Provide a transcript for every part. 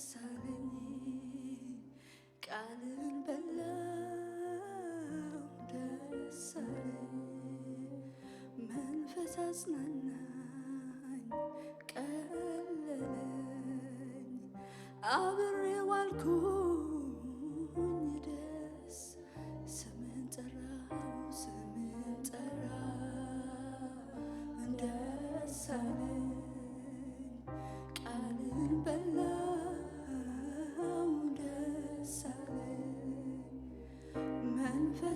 ሳለኝ ቃልን በላው ደስ መንፈስ አጽናናኝ ቀለለኝ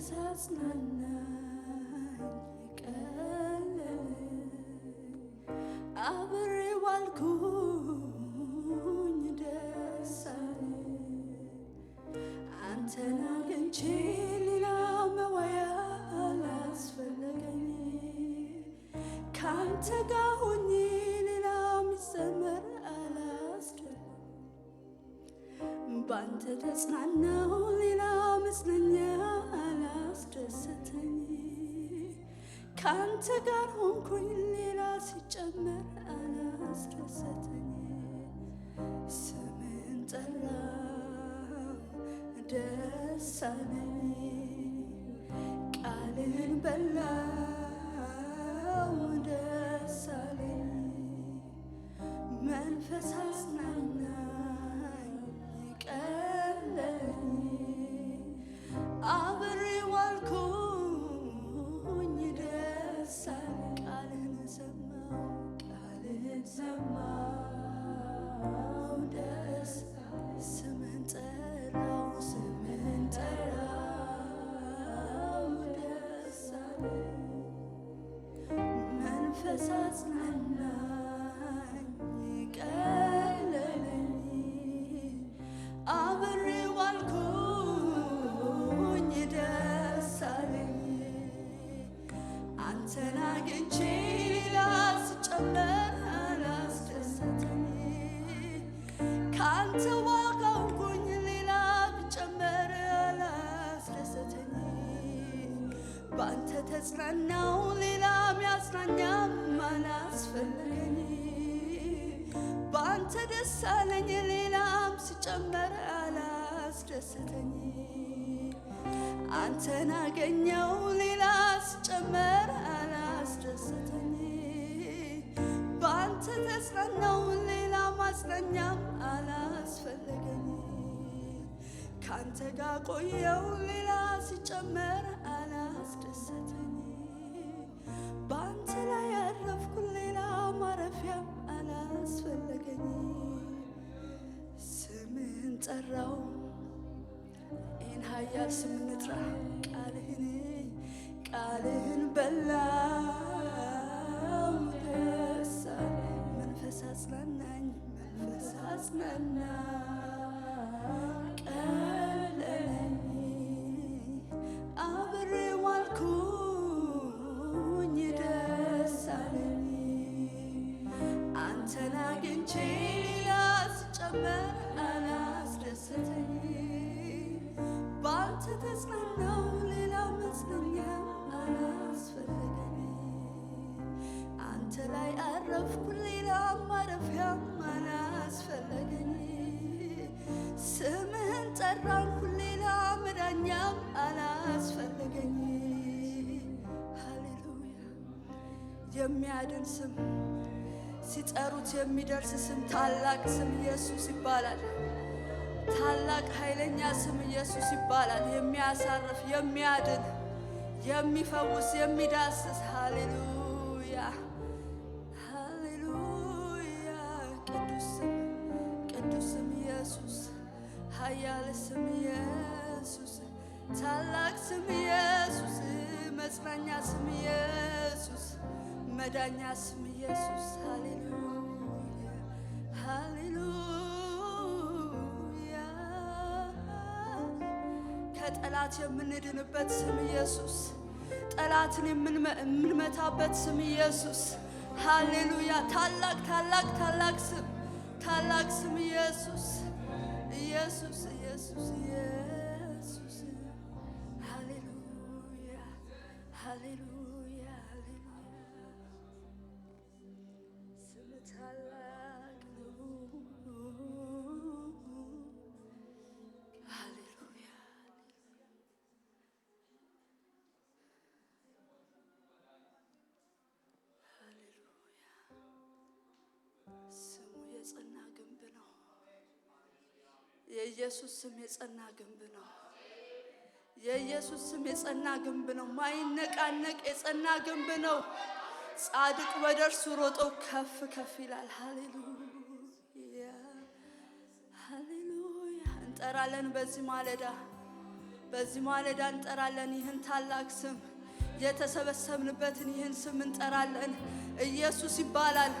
ሳጽናናኝ ቀለለኝ አብሬ ዋልኩኝ ደስ አለኝ አንተን አግኝቼ ሌላ መዋያ አላስፈለገኝ ከአንተ ጋር ሆኜ ሌላ የሚዘመር አላስደለም ባንተ ተጽናናሁ ሌላ መጽናኛ ከአንተ ጋር ሆንኩኝ ሌላ ሲጨመር አላስደሰተኝ። ስምን ጠራው ደስ አለኝ፣ ቃልን በላው ደስ አለኝ መንፈሳ አንተ ደስ አለኝ ሌላም ሲጨመር አላስደሰተኝ አንተን አገኘው ሌላ ሲጨመር አላስደሰተኝ በአንተ ተጽናናው ሌላ ማጽናኛም አላስፈለገኝ ካንተ ጋር ቆየው ሌላ ሲጨመር አላስደሰተኝ በአንተ ላይ ያረፍኩ ሌላ ማረፊያ አላስፈለገኝ ስምን ጠራው ይህን ሀያል ስምን ጥራ ቃልህን ቃልህን በላው ደሳ መንፈስ አጽናናኝ መንፈስ አጽናና የሚያድን ስም ሲጠሩት የሚደርስ ስም ታላቅ ስም ኢየሱስ ይባላል። ታላቅ ኃይለኛ ስም ኢየሱስ ይባላል። የሚያሳርፍ፣ የሚያድን፣ የሚፈውስ፣ የሚዳስስ። ሃሌሉያ፣ ሃሌሉያ። ቅዱስ ስም፣ ቅዱስ ስም ኢየሱስ፣ ኃያል ስም ኢየሱስ፣ ታላቅ ስም ኢየሱስ፣ መጽናኛ ስም ኢየሱስ መዳኛ ስም ኢየሱስ ሃሌሉያ ሃሌሉያ ከጠላት የምንድንበት ስም ኢየሱስ ጠላትን የምንመታበት ስም ኢየሱስ ሃሌሉያ ታላቅ ታላቅ ታላቅ ስም ታላቅ ስም ኢየሱስ ኢየሱስ ኢየሱስ የኢየሱስ ስም የጸና ግንብ ነው። የኢየሱስ ስም የጸና ግንብ ነው። ማይነቃነቅ የጸና ግንብ ነው። ጻድቅ ወደ እርሱ ሮጦ ከፍ ከፍ ይላል። ሃሌሉያ ሃሌሉያ። እንጠራለን በዚህ ማለዳ በዚህ ማለዳ እንጠራለን ይህን ታላቅ ስም የተሰበሰብንበትን ይህን ስም እንጠራለን። ኢየሱስ ይባላል፣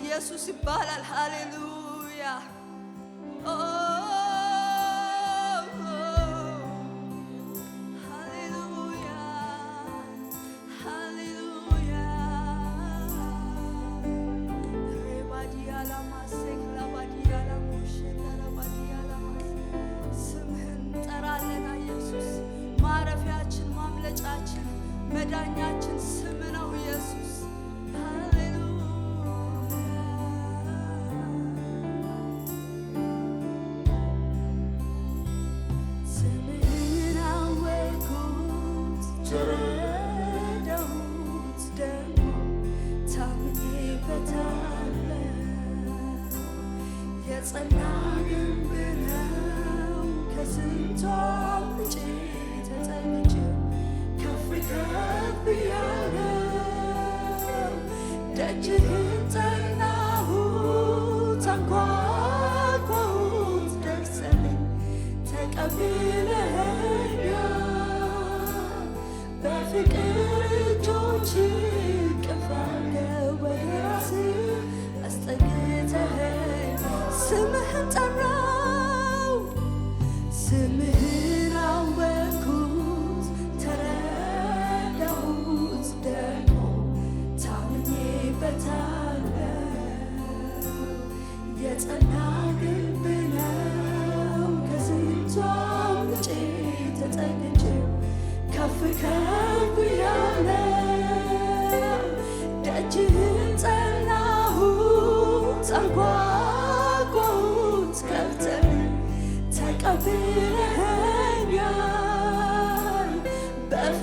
ኢየሱስ ይባላል። ሃሌሉያ that you hit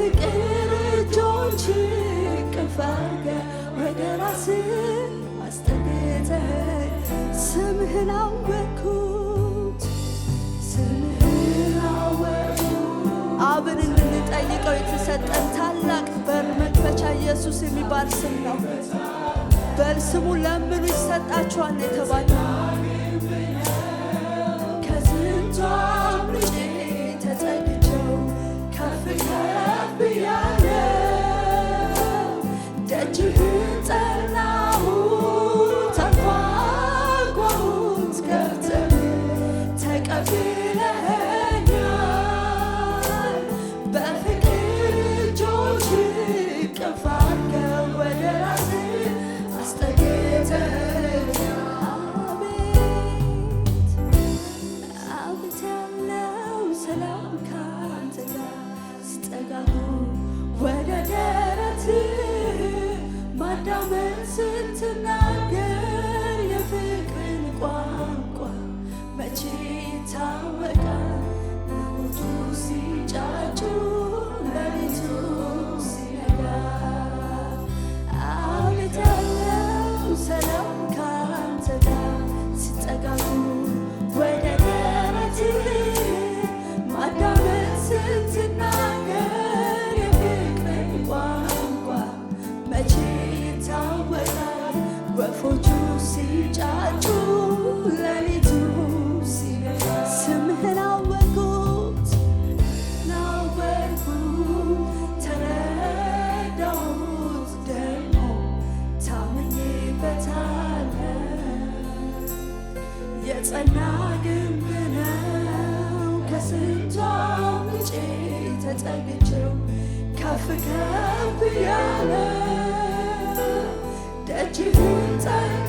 በፍቅር እጆች እቅፍ ወደ ራስህ አስጠግተህ ስምህን አወቅኩት ስምህን አወቅኩት። አብን እንድንጠይቀው የተሰጠን ታላቅ በር መክፈቻ ኢየሱስ የሚባል ስም ነው። በስሙ ለምኑ ይሰጣችኋል ወፎቹ ሲጫጩ ለሊቱ ስምህን አወቁት ናወቁት ተረዳሁት ደግሞ የጸና ግንብ ነው ከስንቷ ተጠግቼው ከፍ ከፍ ያለ ደጅ time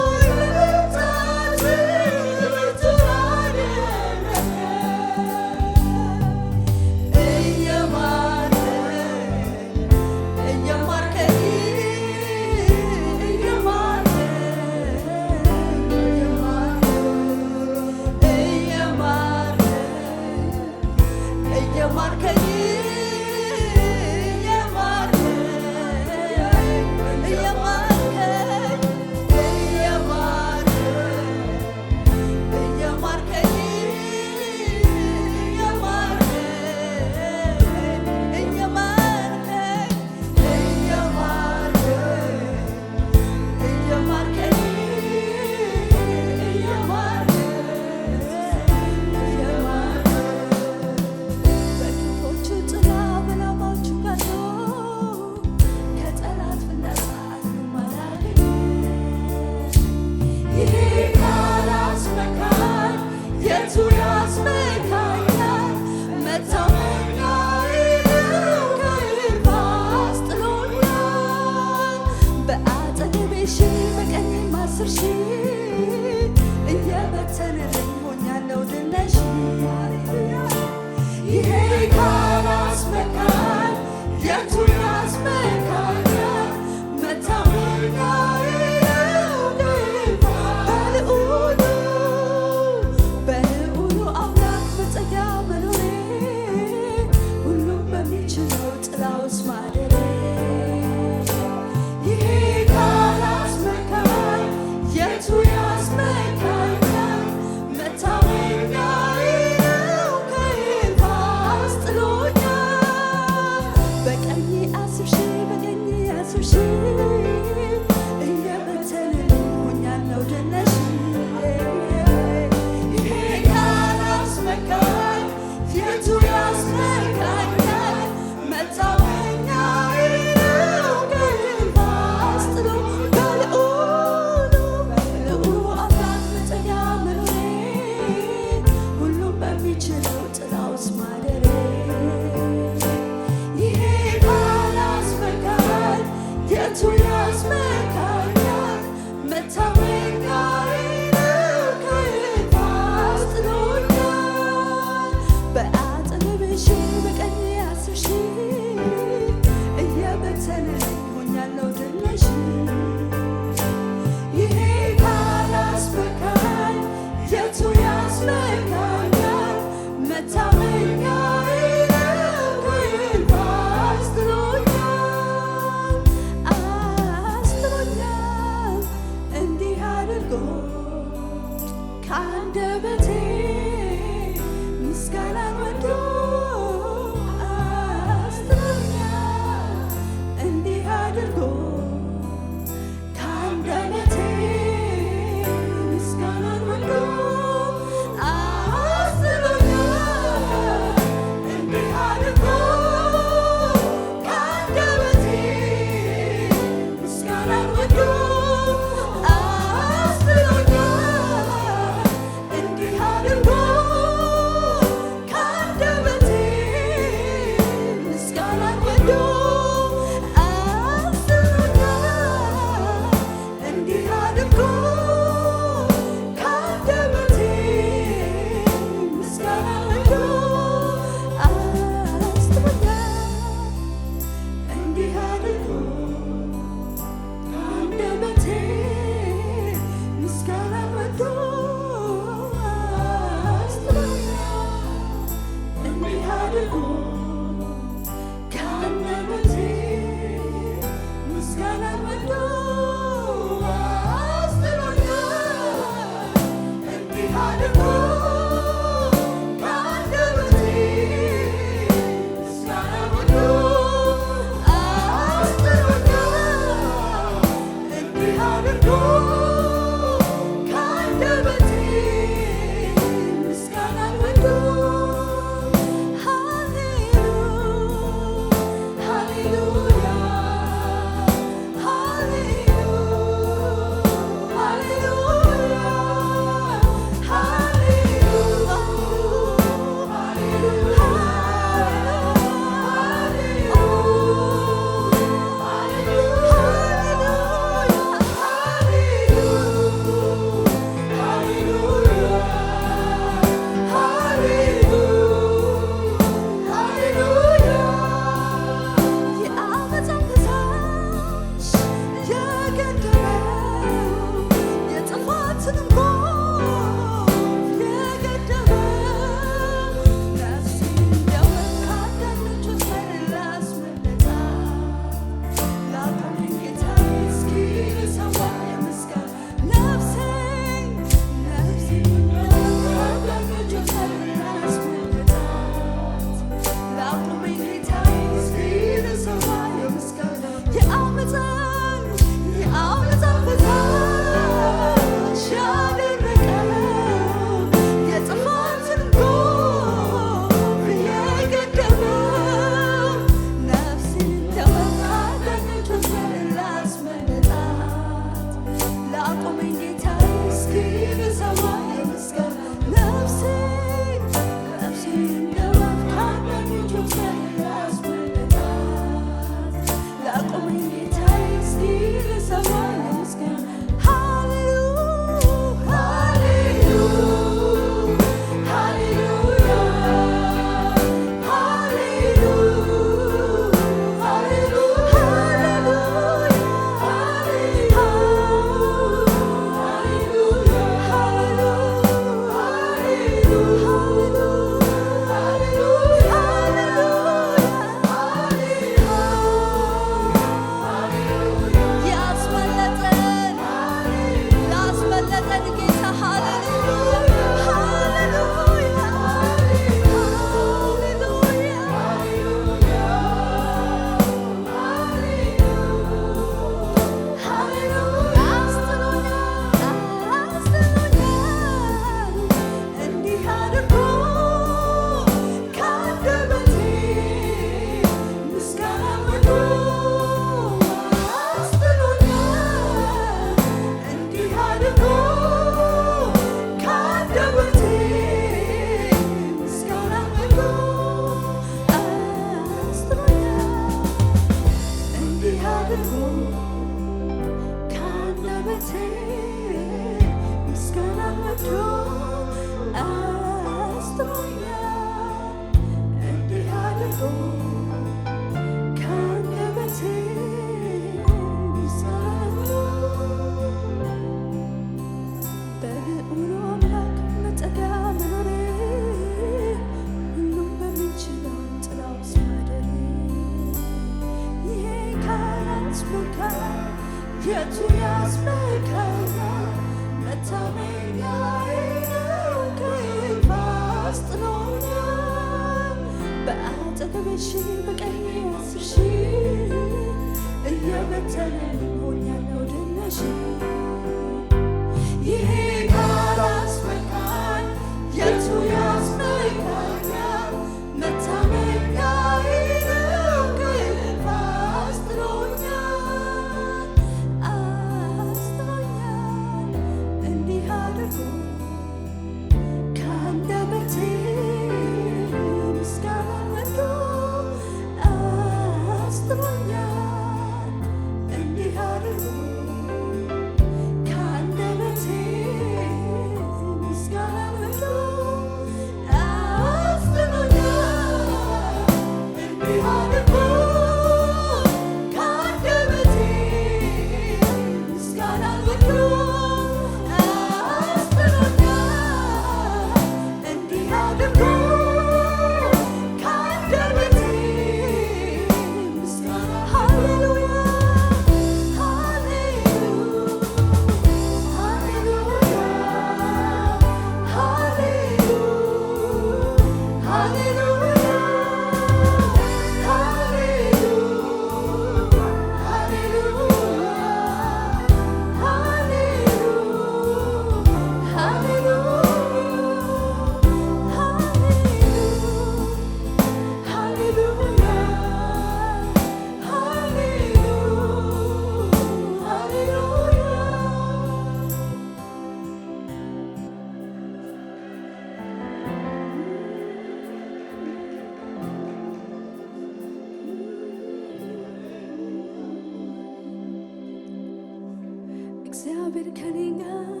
been cutting out.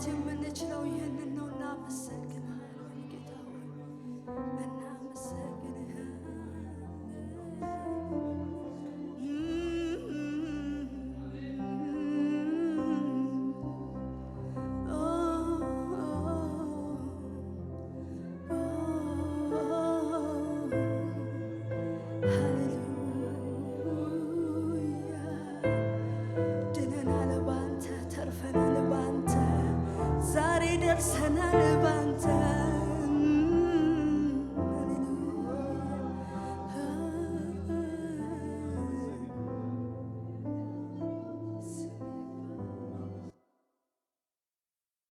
千门的秋月。